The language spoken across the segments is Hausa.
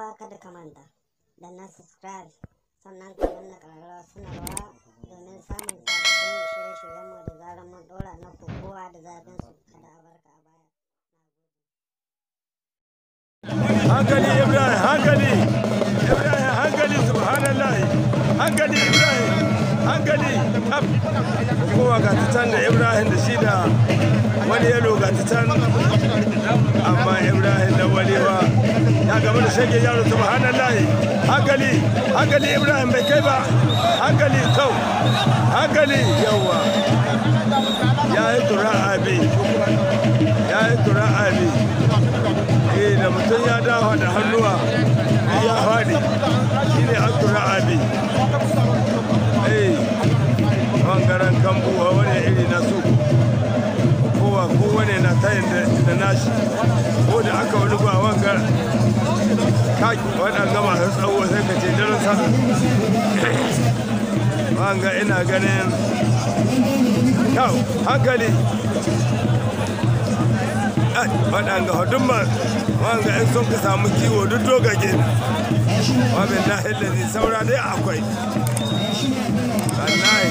fa kada ka manta da na subscribe sannan ka danna suna sanarwa domin samun sabbin shirye-shiryenmu da zarar mun dora na kokowa da zafin su kada a barka a baya. Hankali Ibrahim, Ibrahim da shi da wani yalo ga titan sai shege yaro subhanallahi hankali hankali ibrahim bai kai ba hankali kau hankali yawa ya yi tura abi ya yi tura abi eh da mutum ya dawa da hannuwa ya fadi shi ne an tura abi eh bangaren kambu a wani iri na su kowa kowane na tayin da nashi ko da kaki waɗanda masu tsawo sai ka ce darasa wanga ina ganin kyau hankali waɗanda hudumar wanga in sun ka samu kiwo duk dogage na wamin da zai saura dai akwai wallahi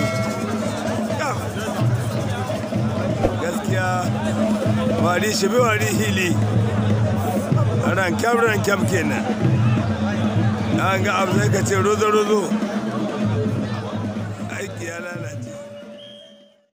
gaskiya wari shi bi wari hili rankyam rankyam kenan an ga abu zai ka ce rozo rozo